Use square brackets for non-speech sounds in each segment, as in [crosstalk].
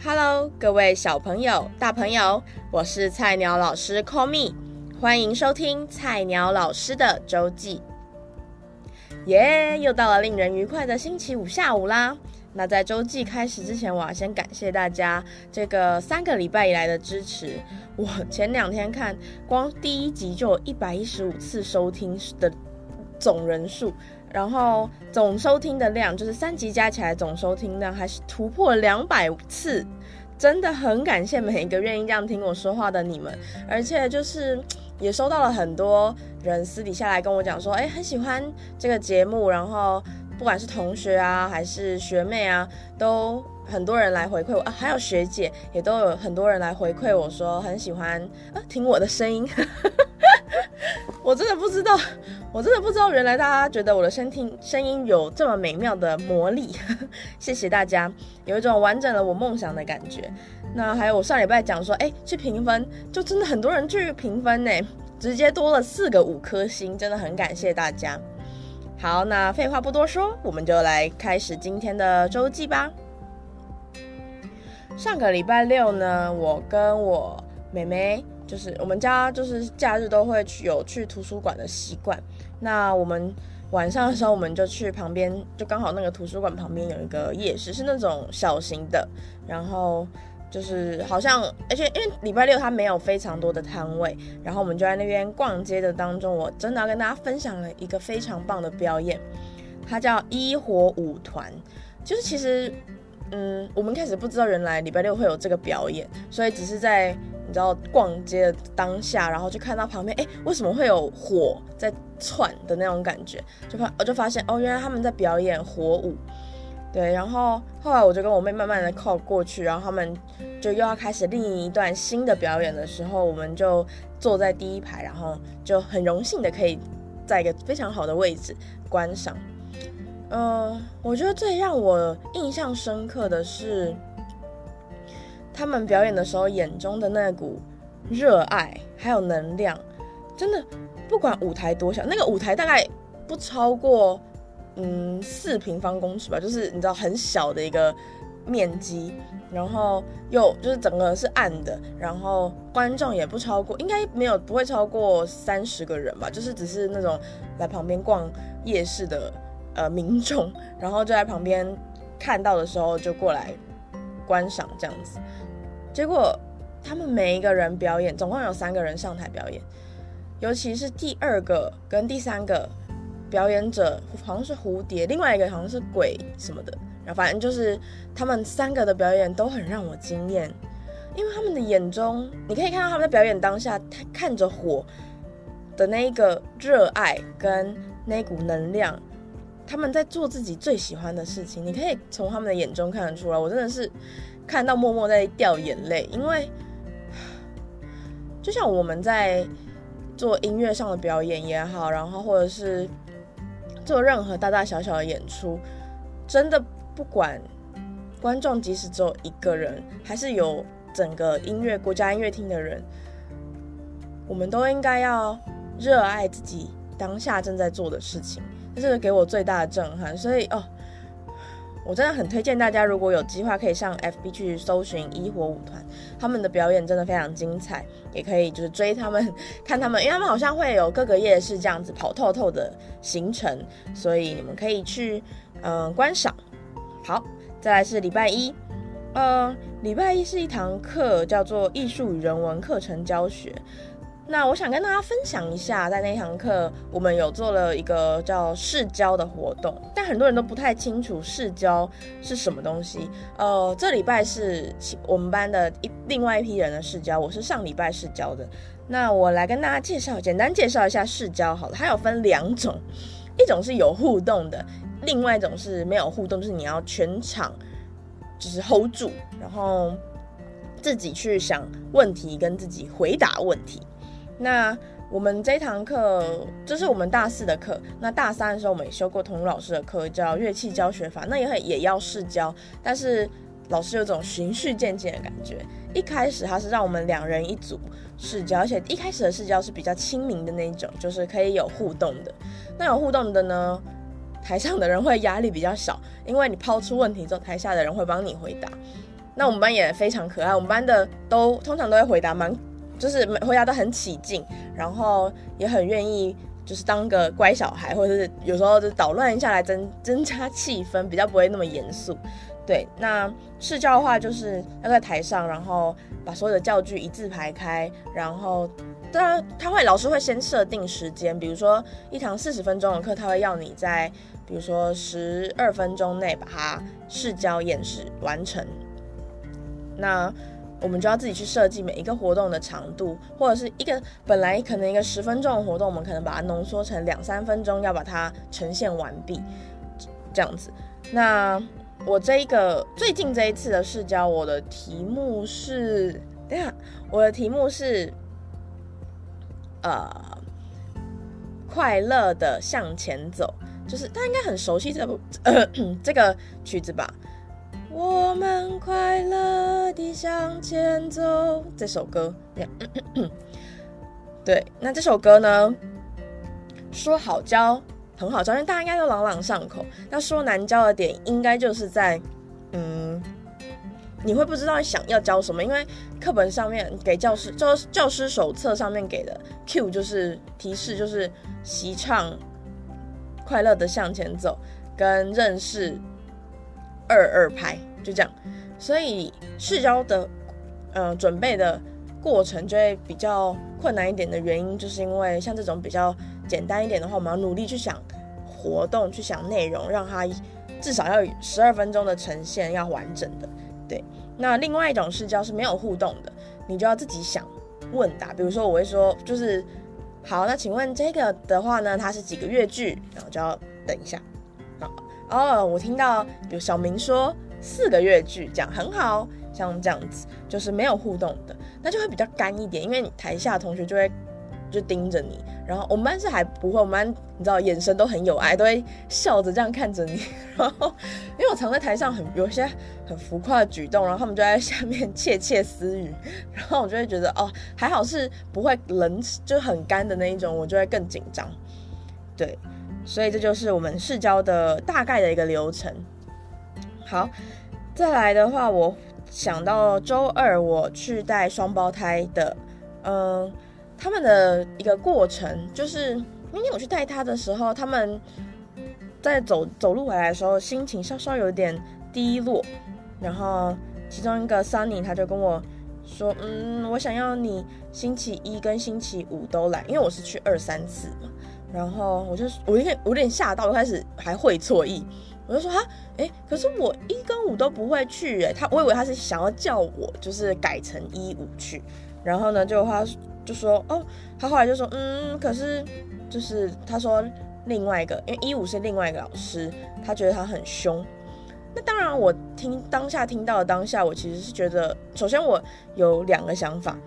哈嘍，各位小朋友、大朋友，我是菜鳥老師 Call Me，歡迎收聽菜鳥老師的週記。耶，又到了令人愉快的星期五下午啦！那在週記開始之前，我要先感謝大家這個三個禮拜以來的支持。我前兩天看，光第一集就有一百一十五次收聽的總人數。然後總收聽的量，就是三集加起來總收聽量還是突破兩百次，真的很感謝每一個願意這樣聽我說話的你們，而且就是也收到了很多人私底下來跟我講說，哎、欸，很喜歡這個節目，然後不管是同學啊還是學妹啊都。很多人來回饋我啊，還有學姐也都有很多人來回饋我說很喜歡啊，聽我的聲音， [laughs] 我真的不知道，我真的不知道，原來大家覺得我的聲聽聲音有這麼美妙的魔力， [laughs] 謝謝大家，有一種完整了我夢想的感覺。那還有我上禮拜講說，哎、欸，去評分，就真的很多人去評分呢，直接多了四個五顆星，真的很感謝大家。好，那廢話不多說，我們就來開始今天的週記吧。上個禮拜六呢，我跟我妹妹，就是我們家，就是假日都會去有去圖書館的習慣。那我們晚上的時候，我們就去旁邊，就剛好那個圖書館旁邊有一個夜市，是那種小型的。然後就是好像，而且因為禮拜六它沒有非常多的攤位，然後我們就在那邊逛街的當中，我真的要跟大家分享了一個非常棒的表演，它叫一火舞團，就是其實。嗯，我們開始不知道原來禮拜六會有這個表演，所以只是在你知道逛街的當下，然後就看到旁邊，哎，為什麼會有火在竄的那種感覺？就發，我就發現哦，原來他們在表演火舞。對，然後後來我就跟我妹慢慢的靠過去，然後他們就又要開始另一段新的表演的時候，我們就坐在第一排，然後就很榮幸的可以在一個非常好的位置觀賞。嗯、呃，我覺得最讓我印象深刻的是，他們表演的時候眼中的那股熱愛還有能量，真的不管舞台多小，那個舞台大概不超過嗯四平方公尺吧，就是你知道很小的一個面積，然後又就是整個是暗的，然後觀眾也不超過，應該沒有，不會超過三十個人吧，就是只是那種來旁邊逛夜市的。呃，民眾，然後就在旁邊看到的時候，就過來觀賞這樣子。結果他們每一個人表演，總共有三個人上台表演。尤其是第二個跟第三個表演者，好像是蝴蝶，另外一個好像是鬼什麼的。然後反正就是他們三個的表演都很讓我驚艷，因為他們的眼中，你可以看到他們在表演當下，他看着火的那一個熱愛跟那股能量。他們在做自己最喜歡的事情，你可以從他們的眼中看得出來。我真的是看到默默在掉眼淚，因為就像我們在做音樂上的表演也好，然後或者是做任何大大小小的演出，真的不管觀眾即使只有一個人，還是有整個音樂，國家音樂廳的人，我們都應該要熱愛自己當下正在做的事情。這是給我最大的震撼，所以哦，我真的很推薦大家，如果有計劃，可以上 FB 去搜尋一火舞團，他們的表演真的非常精彩，也可以就是追他們看他們，因為他們好像會有各個夜市這樣子跑透透的行程，所以你們可以去嗯、呃、觀賞。好，再來是禮拜一，呃，禮拜一是一堂課，叫做藝術與人文課程教學。那我想跟大家分享一下，在那堂課，我們有做了一個叫試教的活動，但很多人都不太清楚試教是什麼東西。呃，這禮拜是我們班的一另外一批人的試教，我是上禮拜試教的。那我來跟大家介紹，簡單介紹一下試教好了。它有分兩種，一種是有互動的，另外一種是沒有互動，就是你要全場就是 hold 住，然後自己去想問題，跟自己回答問題。那我們這堂課，這、就是我們大四的課。那大三的時候，我們也修過佟老師的課，叫樂器教學法。那也很也要試教，但是老師有一種循序漸進的感覺。一開始他是讓我們兩人一組試教，而且一開始的試教是比較親民的那一種，就是可以有互動的。那有互動的呢，台上的人會壓力比較少，因為你拋出問題之後，台下的人會幫你回答。那我們班也非常可愛，我們班的都通常都會回答蠻。就是每回答都很起勁，然後也很願意，就是當個乖小孩，或者是有時候就搗亂一下來增增加氣氛，比較不會那麼嚴肅。對，那試教的話，就是要在台上，然後把所有的教具一字排開，然後他他會老師會先設定時間，比如說一堂四十分鐘的課，他會要你在比如說十二分鐘內把它試教演示完成。那我們就要自己去設計每一個活動的長度，或者是一個本來可能一個十分鐘的活動，我們可能把它濃縮成兩三分鐘，要把它呈現完畢，這樣子。那我這一個最近這一次的試教，我的題目是等一下，我的題目是呃快樂的向前走，就是大家應該很熟悉這部這，咳咳這個曲子吧。我們快樂的向前走。這首歌，嗯，對，那這首歌呢，說好教很好教，因為大家應該都朗朗上口。那說難教的點，應該就是在嗯，你會不知道想要教什麼，因為課本上面給教師教教師手冊上面給的 Q 就是提示，就是習唱快樂的向前走，跟認識二二拍。就這樣，所以試教的，嗯、呃、準備的過程就會比較困難一點的原因，就是因為像這種比較簡單一點的話，我們要努力去想活動，去想內容，讓它至少要有十二分鐘的呈現，要完整的。對，那另外一種試教，是沒有互動的，你就要自己想問答、啊。比如說，我會說，就是好，那請問這個的話呢，它是幾個樂句，然後就要等一下，好，哦、oh,，我聽到有小明說。四個粵劇，講很好，像這樣子就是沒有互動的，那就會比較乾一點，因為你台下的同學就會就盯着你，然後我們班是還不會，我們班你知道眼神都很有愛，都會笑着這樣看着你，然後因為我常在台上很有些很浮誇的舉動，然後他們就在下面竊竊私語，然後我就會覺得哦還好是不會冷，就很乾的那一種，我就會更緊張，對，所以這就是我們試教的大概的一個流程。好，再來的話，我想到週二我去帶雙胞胎的，嗯，他們的一個過程，就是明天我去帶他的時候，他們在走走路回來的時候，心情稍稍有點低落，然後其中一個 Sunny 他就跟我說：“嗯，我想要你星期一跟星期五都來，因為我是去二三次嘛。”然後我就我有點我有點嚇到，我開始還會錯意。我就說啊，誒、欸，可是我一跟五都不會去誒、欸。他我以為他是想要叫我，就是改成一五去，然後呢，就他就說，哦，他後來就說，嗯，可是就是他說另外一個，因為一五是另外一個老師，他覺得他很兇。那當然，我聽當下聽到的當下，我其實是覺得，首先我有兩個想法，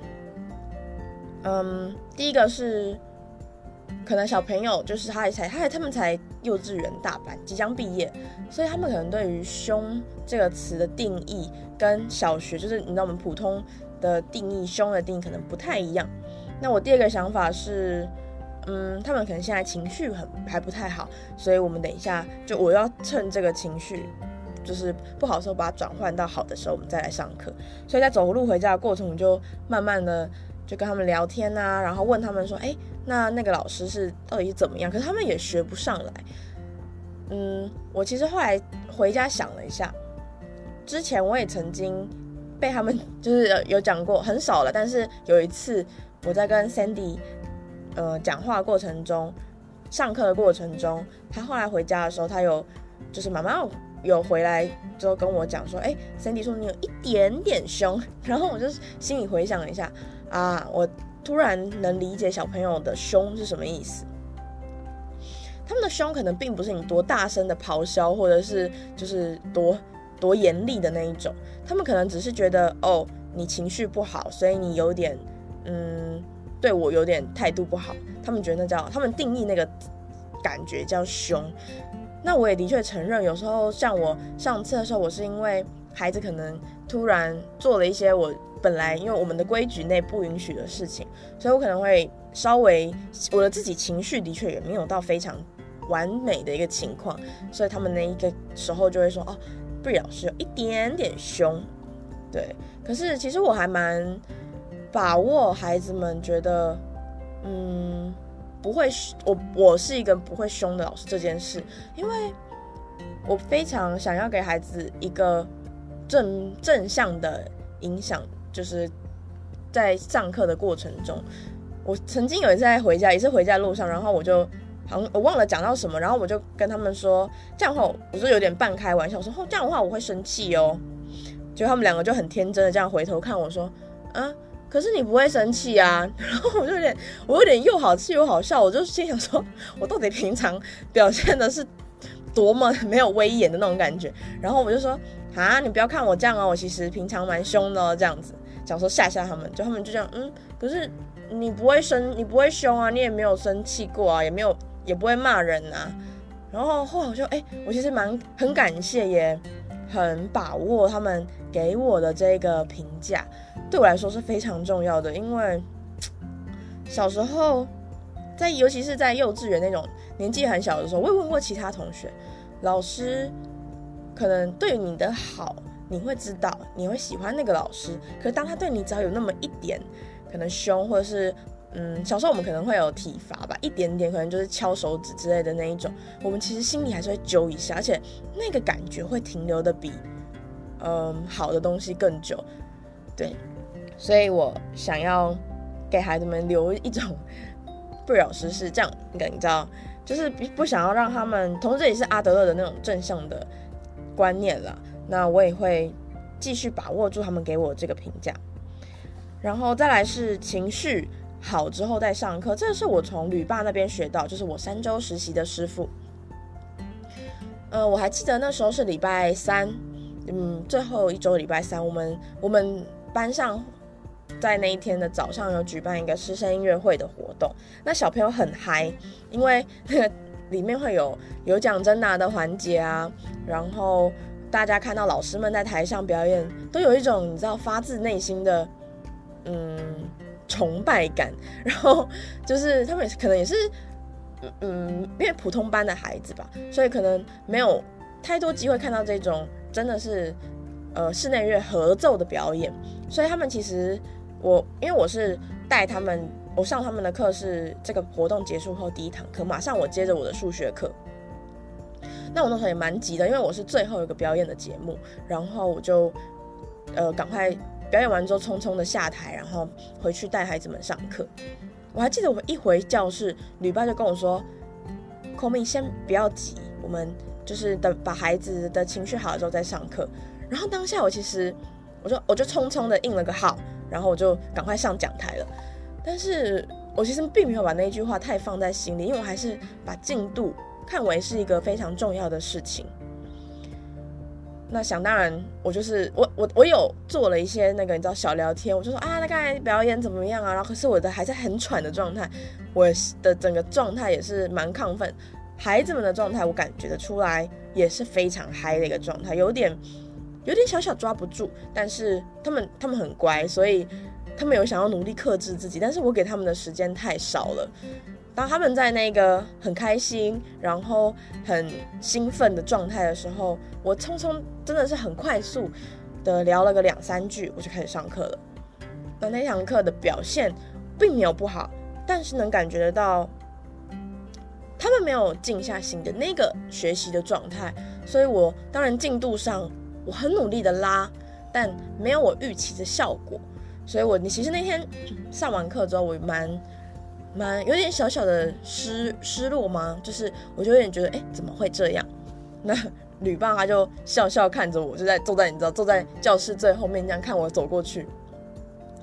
嗯，第一個是。可能小朋友就是他也才他也他們才幼稚園大班即將畢業，所以他們可能對於“凶”這個詞的定義跟小學就是你知道我們普通的定義“凶”的定義可能不太一樣。那我第二個想法是，嗯，他們可能現在情緒很還不太好，所以我們等一下就我要趁這個情緒就是不好的時候，把它轉換到好的時候，我們再來上課。所以在走路回家的過程，我就慢慢的。就跟他們聊天吶、啊，然後問他們說：“哎、欸，那那個老師是到底怎麼樣？”可是他們也學不上來。嗯，我其實後來回家想了一下，之前我也曾經被他們就是有講過，很少了。但是有一次我在跟 Sandy 呃講話過程中、上課的過程中，他後來回家的時候，他有就是媽媽有回來之後跟我講說：“哎、欸、，Sandy 說你有一點點兇。”然後我就心裡回想了一下。啊，我突然能理解小朋友的凶是什麼意思？他們的凶可能並不是你多大聲的咆哮，或者是就是多多嚴厲的那一種，他們可能只是覺得，哦，你情緒不好，所以你有點，嗯，對我有點態度不好。他們覺得那叫他們定義那個感覺叫凶。那我也的確承認，有時候像我上次的時候，我是因為。孩子可能突然做了一些我本來因為我們的規矩內不允許的事情，所以我可能會稍微，我的自己情緒的確也沒有到非常完美的一個情況，所以他們那一個時候就會說，哦，不，老師有一點點兇，對。可是其實我還蠻把握孩子們覺得，嗯，不會，我，我是一個不會兇的老師這件事，因為我非常想要給孩子一個。正正向的影響，就是在上課的過程中，我曾經有一次在回家，一次回家路上，然後我就，好像我忘了講到什麼，然後我就跟他們說，這樣的話，我就有點半開玩笑，我說、哦，這樣的話我會生氣哦。就他們兩個就很天真的這樣回頭看我說，啊、嗯，可是你不會生氣啊。然後我就有點，我有點又好氣又好笑，我就心想說，我到底平常表現的是多麼沒有威嚴的那種感覺。然後我就說。啊，你不要看我這樣哦，我其實平常蠻兇的，哦，這樣子，小時候嚇嚇他們，就他們就這樣，嗯，可是你不會生，你不會兇啊，你也沒有生氣過啊，也沒有也不會罵人啊。然後後來我就，誒、欸，我其實蠻很感謝，也很把握他們給我的這個評價，對我來說是非常重要的，因為小時候，在尤其是在幼稚園那種年紀很小的時候，我也問過其他同學，老師。可能對於你的好，你會知道，你會喜歡那個老師。可是當他對你只要有那麼一點，可能凶，或者是嗯，小時候我們可能會有體罰吧，一點點，可能就是敲手指之類的那一種，我們其實心裡還是會揪一下，而且那個感覺會停留的比嗯、呃、好的東西更久。對，所以我想要給孩子們留一種，不老師是這樣一個，你知道，就是不不想要讓他們，同時這也是阿德勒的那種正向的。觀念了，那我也會繼續把握住他們給我這個評價。然後再來是情緒好之後再上課，這是我從呂爸那邊學到，就是我三週實習的師傅。呃，我還記得那時候是禮拜三，嗯，最後一週禮拜三，我們我們班上在那一天的早上有舉辦一個師生音樂會的活動，那小朋友很嗨，因為。呵呵裡面會有有獎徵拿的環節啊，然後大家看到老師們在台上表演，都有一種你知道發自內心的嗯崇拜感。然後就是他們可能也是嗯嗯，因為普通班的孩子吧，所以可能沒有太多機會看到這種真的是呃室內樂合奏的表演。所以他們其實我因為我是帶他們。我上他們的課是這個活動結束後第一堂課，馬上我接着我的數學課。那我那時候也蠻急的，因為我是最後一個表演的節目，然後我就呃趕快表演完之後匆匆的下台，然後回去帶孩子們上課。我還記得我們一回教室，女爸就跟我說：“Komi，先不要急，我們就是等把孩子的情緒好了之後再上課。”然後當下我其實我就我就匆匆的應了個好，然後我就趕快上講台了。但是我其實並沒有把那句話太放在心裡，因為我還是把進度看為是一個非常重要的事情。那想當然，我就是我我我有做了一些那個你知道小聊天，我就說啊，大概表演怎麼樣啊？然後可是我的還在很喘的狀態，我的整個狀態也是蠻亢奮。孩子們的狀態我感覺得出來也是非常嗨的一個狀態，有點有點小小抓不住，但是他們他們很乖，所以。他們有想要努力克制自己，但是我給他們的時間太少了。當他們在那個很開心，然後很興奮的狀態的時候，我匆匆真的是很快速的聊了個兩三句，我就開始上課了。那那堂課的表現並沒有不好，但是能感覺得到他們沒有靜下心的那個學習的狀態。所以，我當然進度上我很努力的拉，但沒有我預期的效果。所以我，你其實那天上完課之後，我蠻蠻有點小小的失失落嘛，就是我就有點覺得，哎，怎麼會這樣？那女伴她就笑笑看着我，就在坐在你知道坐在教室最後面這樣看我走過去，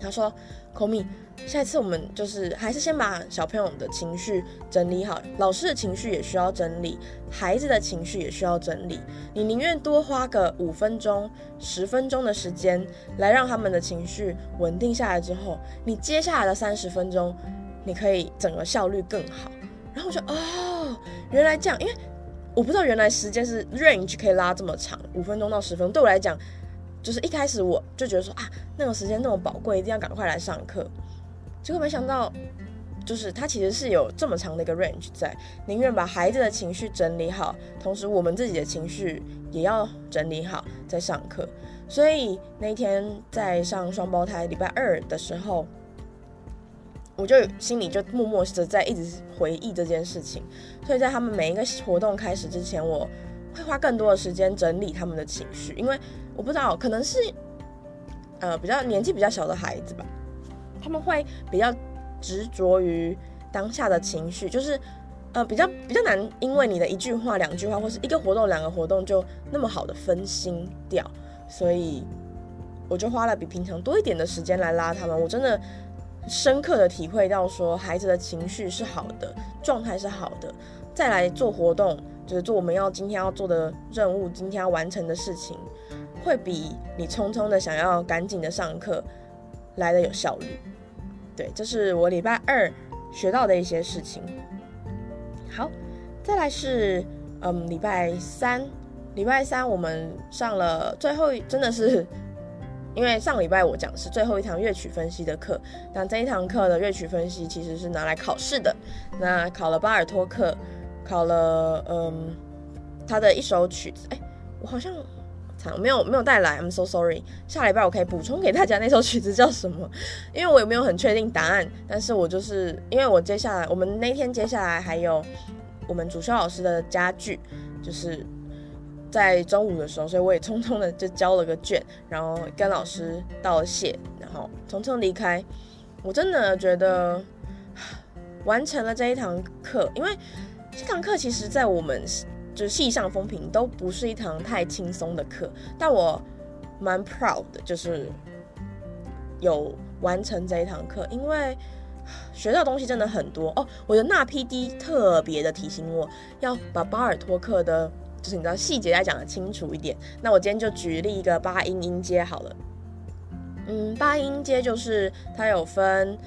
她說：“call me。”下一次我們就是還是先把小朋友的情緒整理好，老師的情緒也需要整理，孩子的情緒也需要整理。你寧願多花個五分鐘、十分鐘的時間來讓他們的情緒穩定下來之後，你接下來的三十分鐘，你可以整個效率更好。然後我就哦，原來這樣，因為我不知道原來時間是 range 可以拉這麼長，五分鐘到十分鐘，對我來講，就是一開始我就覺得說啊，那種時間那麼寶貴，一定要趕快來上課。結果沒想到，就是他其實是有這麼長的一個 range 在，寧願把孩子的情緒整理好，同時我們自己的情緒也要整理好，在上課。所以那一天在上雙胞胎禮拜二的時候，我就心裡就默默的在一直回憶這件事情。所以在他們每一個活動開始之前，我會花更多的時間整理他們的情緒，因為我不知道，可能是，呃，比較年紀比較小的孩子吧。他們會比較執着於當下的情緒，就是，呃，比較比較難，因為你的一句話、兩句話，或是一個活動、兩個活動，就那麼好的分心掉。所以，我就花了比平常多一點的時間來拉他們。我真的深刻的體會到，說孩子的情緒是好的，狀態是好的，再來做活動，就是做我們要今天要做的任務，今天要完成的事情，會比你匆匆的想要趕緊的上課。來得有效率，對，這是我禮拜二學到的一些事情。好，再來是嗯，禮拜三，禮拜三我們上了最後一，真的是因為上禮拜我講的是最後一堂樂曲分析的課，但這一堂課的樂曲分析其實是拿來考試的，那考了巴爾托克，考了嗯，他的一首曲子，哎，我好像。慘，沒有沒有帶來，I'm so sorry。下禮拜我可以補充給大家那首曲子叫什麼？因為我也沒有很確定答案，但是我就是因為我接下來我們那天接下來還有我們主修老師的家具，就是在中午的時候，所以我也匆匆的就交了個卷，然後跟老師道了謝，然後匆匆離開。我真的覺得完成了這一堂課，因為這堂課其實在我們。就是系上風評都不是一堂太輕鬆的課，但我蠻 proud 的，就是有完成這一堂課，因為學到的東西真的很多哦。我的那 P D 特別的提醒我要把巴爾托克的，就是你知道細節要講的清楚一點。那我今天就舉例一個八音音階好了，嗯，八音階就是它有分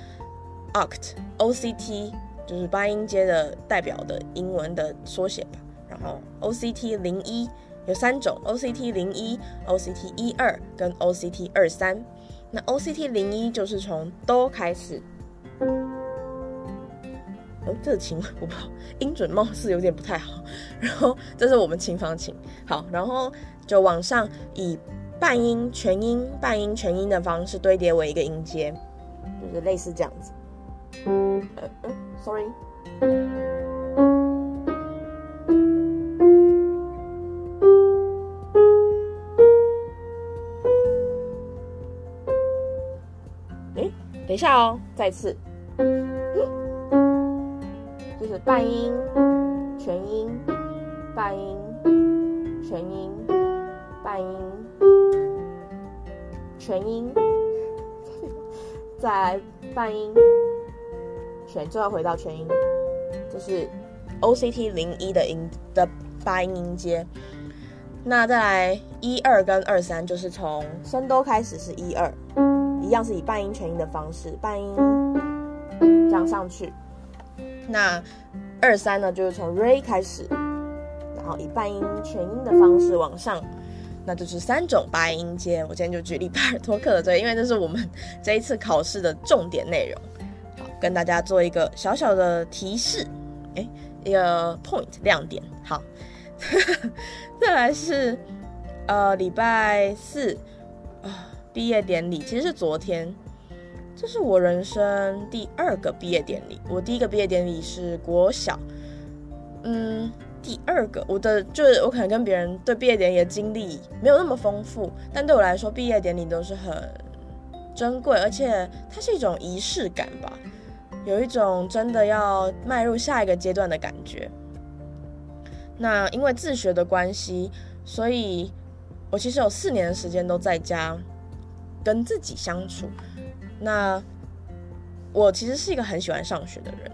oct o c t，就是八音階的代表的英文的縮寫吧。哦，OCT 零一有三種，OCT 零一、OCT 一二跟 OCT 二三。那 OCT 零一就是從哆開始。哦，這個琴，我不好，音準貌似有點不太好。然後這是我們琴房琴，好，然後就往上以半音、全音、半音、全音的方式堆疊為一個音階，就是類似這樣子。嗯嗯，sorry 等一下哦，再次、嗯，就是半音、全音、半音、全音、半音、全音，再來半音，全，最後回到全音，就是 O C T 零一的音的八音音階。那再來一二跟二三，就是從升多開始是一二。一樣是以半音全音的方式，半音這樣上去。那二三呢，就是從 Re 開始，然後以半音全音的方式往上，那就是三種八音階。我今天就舉例巴爾托克的，對，因為這是我們這一次考試的重點內容。好，跟大家做一個小小的提示，哎、欸，一個 point 亮點。好， [laughs] 再來是呃禮拜四。畢業典禮其實是昨天，這是我人生第二個畢業典禮。我第一個畢業典禮是國小，嗯，第二個我的就是我可能跟別人對畢業典禮的經歷沒有那麼豐富，但對我來說畢業典禮都是很珍貴，而且它是一種儀式感吧，有一種真的要邁入下一個階段的感覺。那因為自學的關係，所以我其實有四年的時間都在家。跟自己相處，那我其實是一個很喜歡上學的人，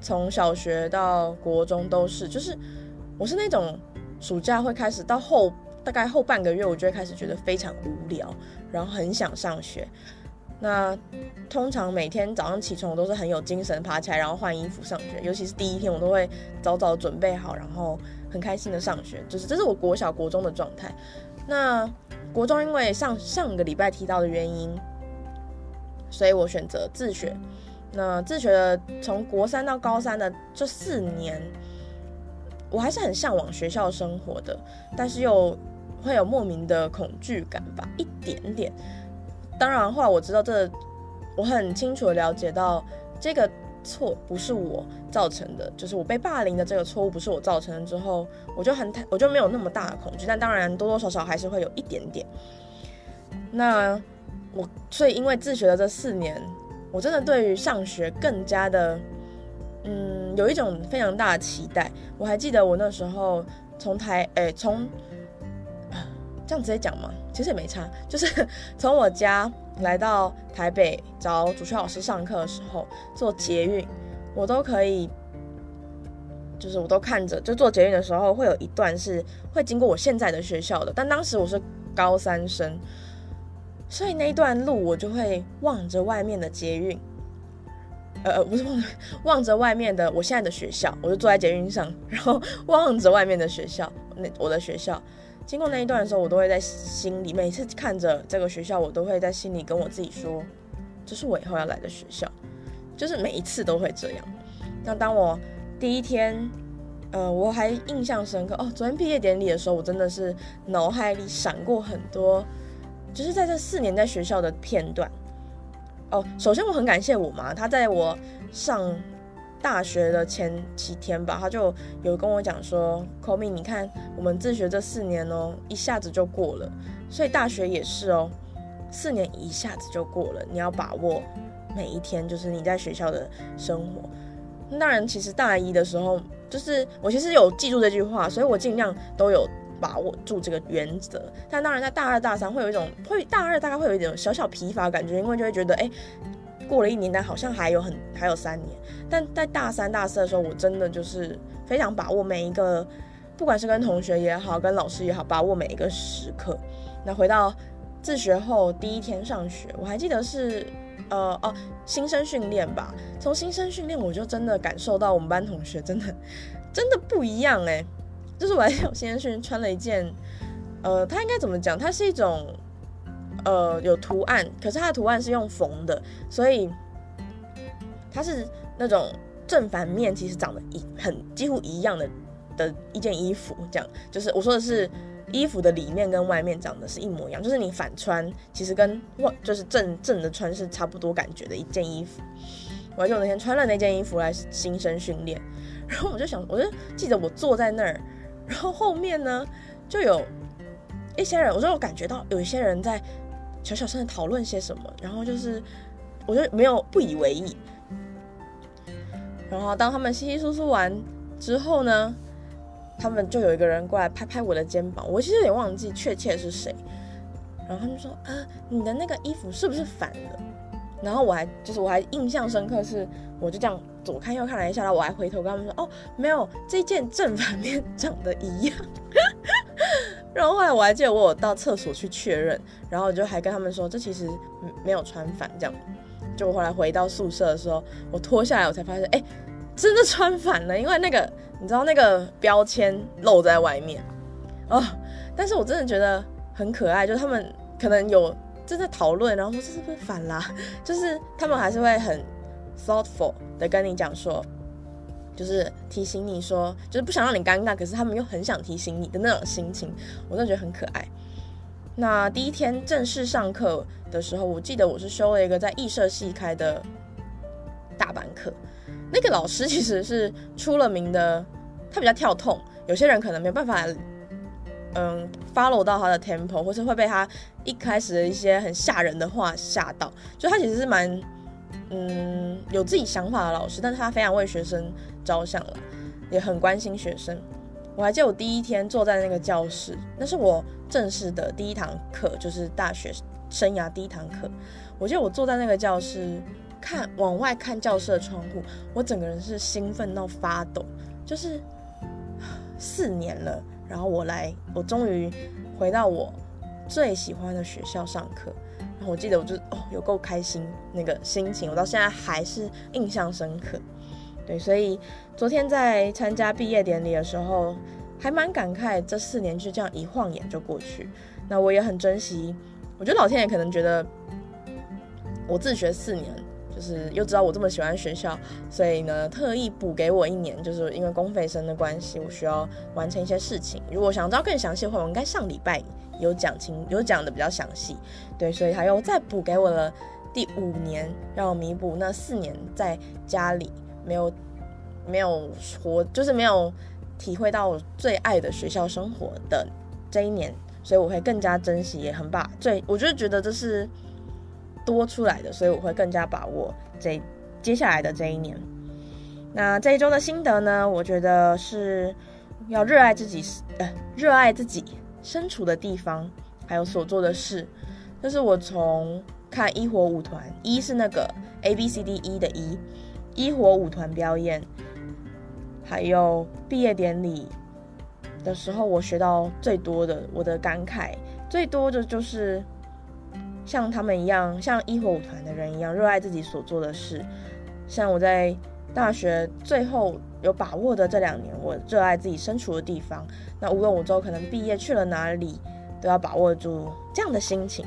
從小學到國中都是，就是我是那種暑假會開始到後大概後半個月，我就會開始覺得非常無聊，然後很想上學。那通常每天早上起床我都是很有精神，爬起來然後換衣服上學，尤其是第一天我都會早早準備好，然後很開心的上學，就是這是我國小國中的狀態。那國中因為上上個禮拜提到的原因，所以我選擇自學。那自學的從國三到高三的這四年，我還是很嚮往學校生活的，但是又會有莫名的恐懼感吧，一點點。當然後來我知道這，我很清楚的了解到這個。錯不是我造成的，就是我被霸凌的這個錯誤不是我造成的之後，我就很，我就沒有那麼大的恐懼，但當然多多少少還是會有一點點。那我所以因為自學的這四年，我真的對於上學更加的，嗯，有一種非常大的期待。我還記得我那時候從台，誒，從，這樣直接講嘛，其實也沒差，就是從我家。來到台北找主修老師上課的時候，坐捷運，我都可以，就是我都看着，就坐捷運的時候，會有一段是會經過我現在的學校的，但當時我是高三生，所以那一段路我就會望着外面的捷運，呃，不是望着望着外面的我現在的學校，我就坐在捷運上，然後望着外面的學校，那我的學校。經過那一段的時候，我都會在心裡。每次看着這個學校，我都會在心裡跟我自己說，這是我以後要來的學校，就是每一次都會這樣。那當我第一天，呃，我還印象深刻哦。昨天畢業典禮的時候，我真的是腦海裡閃過很多，就是在這四年在學校的片段。哦，首先我很感謝我媽，她在我上。大學的前幾天吧，他就有跟我講說：“Komi，你看我們自學這四年哦、喔，一下子就過了，所以大學也是哦、喔，四年一下子就過了，你要把握每一天，就是你在學校的生活。當然，其實大一的時候，就是我其實有記住這句話，所以我盡量都有把握住這個原則。但當然，在大二、大三會有一種會大二大概會有一種小小疲乏感覺，因為就會覺得哎。欸”過了一年，但好像還有很還有三年。但在大三、大四的時候，我真的就是非常把握每一個，不管是跟同學也好，跟老師也好，把握每一個時刻。那回到自學後第一天上學，我還記得是，呃哦、啊，新生訓練吧。從新生訓練，我就真的感受到我們班同學真的真的不一樣哎、欸。就是我還有，我新生訓穿了一件，呃，它應該怎麼講？它是一種。呃，有圖案，可是它的圖案是用縫的，所以它是那種正反面其實長得一很幾乎一樣的的一件衣服，這樣就是我說的是衣服的裡面跟外面長得是一模一樣，就是你反穿其實跟外就是正正的穿是差不多感覺的一件衣服。我還記得我那天穿了那件衣服來新生訓練，然後我就想，我就記得我坐在那兒，然後後面呢就有一些人，我說我感覺到有一些人在。小小聲的討論些什麼，然後就是，我就沒有不以為意。然後當他們稀稀疏疏完之後呢，他們就有一個人過來拍拍我的肩膀，我其實也忘記確切是誰。然後他們就說：“啊，你的那個衣服是不是反了？”然後我還就是我還印象深刻是，我就這樣左看右看了一下，然後我還回頭跟他們說：“哦，沒有，這件正反面長得一樣。 [laughs] ”然後後來我還記得我有到廁所去確認，然後就還跟他們說這其實沒有穿反這樣。就我後來回到宿舍的時候，我脫下來我才發現，哎，真的穿反了，因為那個你知道那個標籤露在外面。哦，但是我真的覺得很可愛，就是他們可能有正在討論，然後說這是不是反啦啊？就是他們還是會很 thoughtful 的跟你講說。就是提醒你說，就是不想讓你尷尬，可是他們又很想提醒你的那種心情，我真的覺得很可愛。那第一天正式上課的時候，我記得我是修了一個在藝社系開的大班課，那個老師其實是出了名的，他比較跳 tone，有些人可能沒辦法，嗯，follow 到他的 tempo，或是會被他一開始的一些很嚇人的話嚇到。就他其實是蠻，嗯，有自己想法的老師，但是他非常為學生，照相了，也很關心學生。我還記得我第一天坐在那個教室，那是我正式的第一堂課，就是大學生涯第一堂課。我記得我坐在那個教室，看往外看教室的窗戶，我整個人是興奮到發抖。就是四年了，然後我來，我終於回到我最喜歡的學校上課。然後我記得我就哦，有夠開心，那個心情我到現在還是印象深刻。對，所以昨天在參加畢業典禮的時候，還蠻感慨，這四年就這樣一晃眼，就過去。那我也很珍惜。我覺得老天爺可能覺得我自學四年，就是又知道我這麼喜歡學校，所以呢，特意補給我一年，就是因為公費生的關係，我需要完成一些事情。如果想知道更詳細的話，我應該上禮拜有講清，有講的比較詳細。對，所以他又再補給我了第五年，讓我彌補那四年在家裡。沒有，沒有說，就是沒有體會到最愛的學校生活的這一年，所以我會更加珍惜，也很把最，我就覺得這是多出來的，所以我會更加把握這接下來的這一年。那這一周的心得呢？我覺得是要熱愛自己，哎、熱愛自己身處的地方，還有所做的事。就是我從看一火舞團，一是那個 A B C D E 的一。一火舞團表演，還有畢業典禮的時候，我學到最多的，我的感慨最多的，就是像他們一樣，像一火舞團的人一樣，熱愛自己所做的事。像我在大學最後有把握的這兩年，我熱愛自己身處的地方。那無論我之後可能畢業去了哪裡，都要把握住這樣的心情。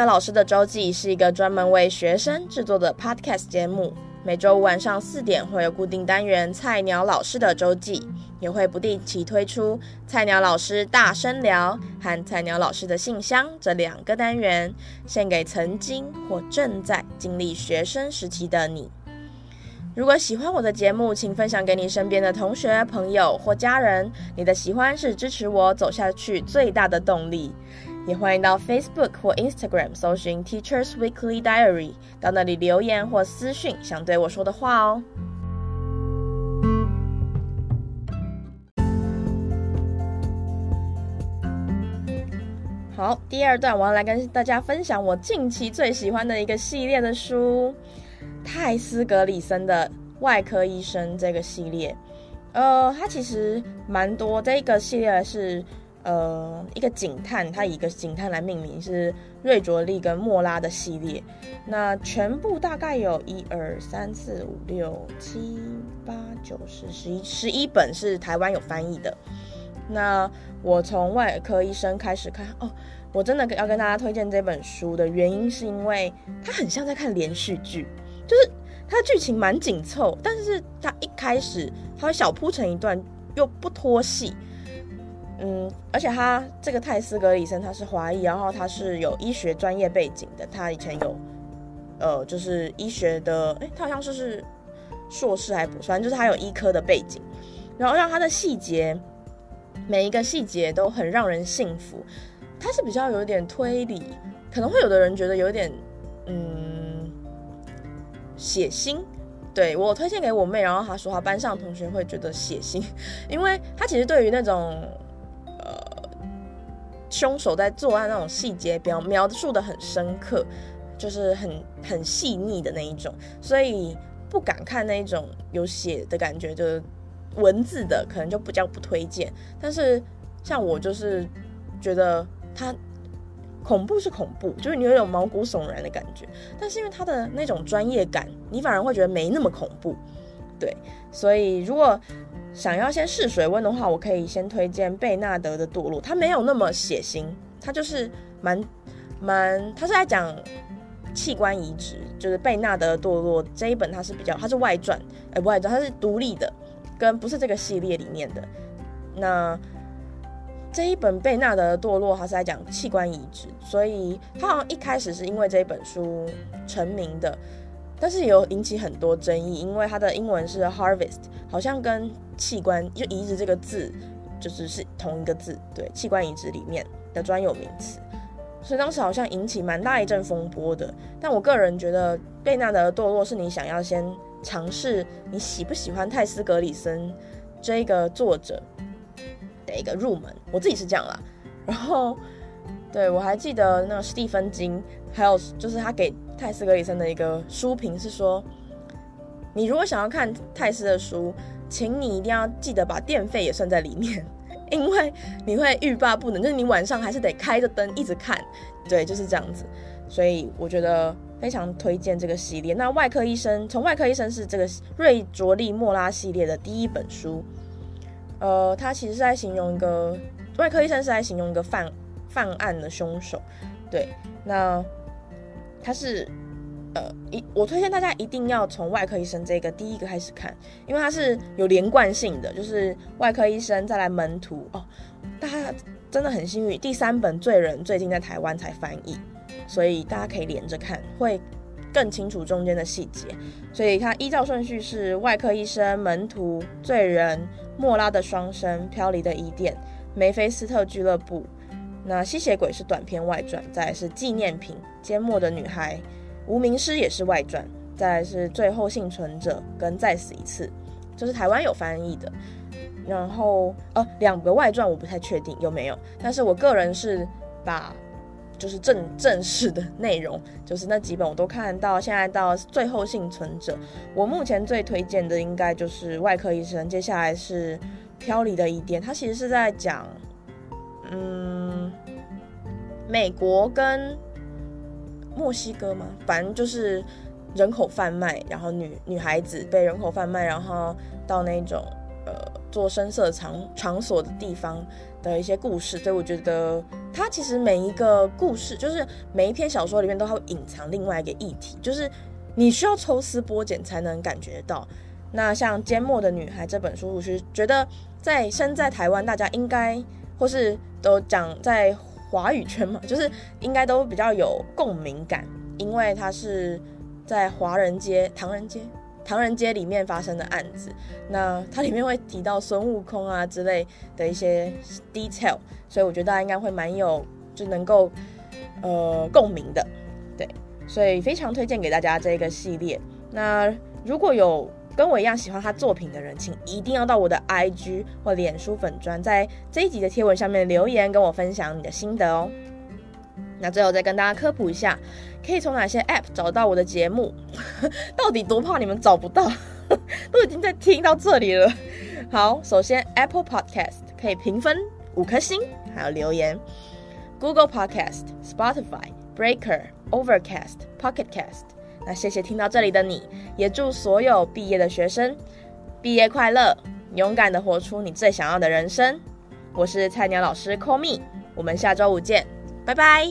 菜鳥老師的周記是一個專門為學生制作的 podcast 節目，每周五晚上四點會有固定單元“菜鳥老師的周記”，也會不定期推出“菜鳥老師大聲聊”和“菜鳥老師的信箱”這兩個單元，獻給曾經或正在經歷學生時期的你。如果喜歡我的節目，請分享給你身邊的同學、朋友或家人，你的喜歡是支持我走下去最大的動力。也歡迎到 Facebook 或 Instagram 搜尋 Teachers Weekly Diary，到那裡留言或私信想對我說的話哦。好，第二段我要來跟大家分享我近期最喜歡的一個系列的書——泰斯·格里森的《外科醫生》這個系列。呃，它其實蠻多，這個系列是。呃，一個警探，他以一個警探來命名，是瑞卓利跟莫拉的系列。那全部大概有一二三四五六七八九十十一十一本是台灣有翻譯的。那我從外科醫生開始看，哦，我真的要跟大家推薦這本書的原因是因為它很像在看連續劇，就是它的劇情蠻緊湊，但是它一開始它會小鋪陳一段，又不拖戲。嗯，而且他這個泰斯格里森，他是華裔，然後他是有醫學專業背景的。他以前有，呃，就是醫學的，哎、欸，他好像是是碩士還不算，就是他有醫科的背景。然後讓他的細節，每一個細節都很讓人信服。他是比較有點推理，可能會有的人覺得有點，嗯，血腥。對，我推薦給我妹，然後她說她班上同學會覺得血腥，因為她其實對於那種。兇手在作案那種細節表，表描述得很深刻，就是很很細膩的那一種，所以不敢看那一種有血的感覺，就是文字的可能就比較不推薦。但是像我就是覺得他恐怖是恐怖，就是你有一種毛骨悚然的感覺，但是因為他的那種專業感，你反而會覺得沒那麼恐怖，對。所以如果想要先試水溫的話，我可以先推薦貝納德的《墮落》，他沒有那麼血腥，他就是蠻蠻，他是在講器官移植，就是貝納德《墮落》這一本，它是比較，它是外傳，哎、欸，不外傳，它是獨立的，跟不是這個系列裡面的。那這一本貝納德《墮落》他是在講器官移植，所以他好像一開始是因為這一本書成名的。但是也有引起很多爭議，因為它的英文是 harvest，好像跟器官就移植這個字就是是同一個字，對，器官移植裡面的專有名詞，所以當時好像引起蠻大一陣風波的。但我個人覺得《貝納德的墮落》是你想要先嘗試，你喜不喜歡泰斯·格里森這個作者的一個入門，我自己是這樣啦。然後。對，我還記得那個史蒂芬金，還有就是他給泰斯格里森的一個書評是說，你如果想要看泰斯的書，請你一定要記得把電費也算在裡面，因為你會欲罷不能，就是你晚上還是得開着燈一直看。對，就是這樣子。所以我覺得非常推薦這個系列。那外科醫生，從外科醫生是這個瑞卓利莫拉系列的第一本書，呃，他其實是在形容一個外科醫生，是在形容一個犯。犯案的兇手，對，那他是呃一，我推薦大家一定要從外科醫生這個第一個開始看，因為他是有連貫性的，就是外科醫生再來門徒哦，大家真的很幸運，第三本罪人最近在台灣才翻譯，所以大家可以連着看，會更清楚中間的細節。所以他依照順序是外科醫生、門徒、罪人、莫拉的雙生、漂離的伊甸、梅菲斯特俱樂部。那吸血鬼是短篇外傳，再是紀念品、緘默的女孩，無名屍也是外傳，再是最後倖存者跟再死一次，就是台灣有翻譯的。然後呃，啊，兩個外傳我不太確定有沒有，但是我個人是把就是正正式的內容，就是那幾本我都看到，現在到最後倖存者，我目前最推薦的應該就是外科醫生，接下來是飄離的一點，它其實是在講，嗯。美國跟墨西哥嘛，反正就是人口販賣，然後女女孩子被人口販賣，然後到那種呃做聲色場場所的地方的一些故事。所以我覺得它其實每一個故事，就是每一篇小說裡面都會隱藏另外一個議題，就是你需要抽絲剝繭才能感覺到。那像《緘默的女孩》這本書，我是覺得在身在台灣，大家應該或是都講在。華語圈嘛，就是應該都比較有共鳴感，因為它是在華人街、唐人街、唐人街裡面發生的案子。那它裡面會提到孫悟空啊之類的一些 detail，所以我覺得大家應該會蠻有就能夠呃共鳴的，對，所以非常推薦給大家這個系列。那如果有。跟我一樣喜歡他作品的人，請一定要到我的 IG 或臉書粉專，在這一集的貼文下面留言，跟我分享你的心得哦。那最後再跟大家科普一下，可以從哪些 App 找到我的節目？ [laughs] 到底多怕你們找不到？ [laughs] 都已經在聽到這裡了。好，首先 Apple Podcast 可以評分五顆星，還有留言。Google Podcast、Spotify、Breaker、Overcast、Pocketcast。那謝謝聽到這裡的你，也祝所有畢業的學生畢業快樂，勇敢地活出你最想要的人生。我是菜鳥老師 Call Me，我們下週五見，拜拜。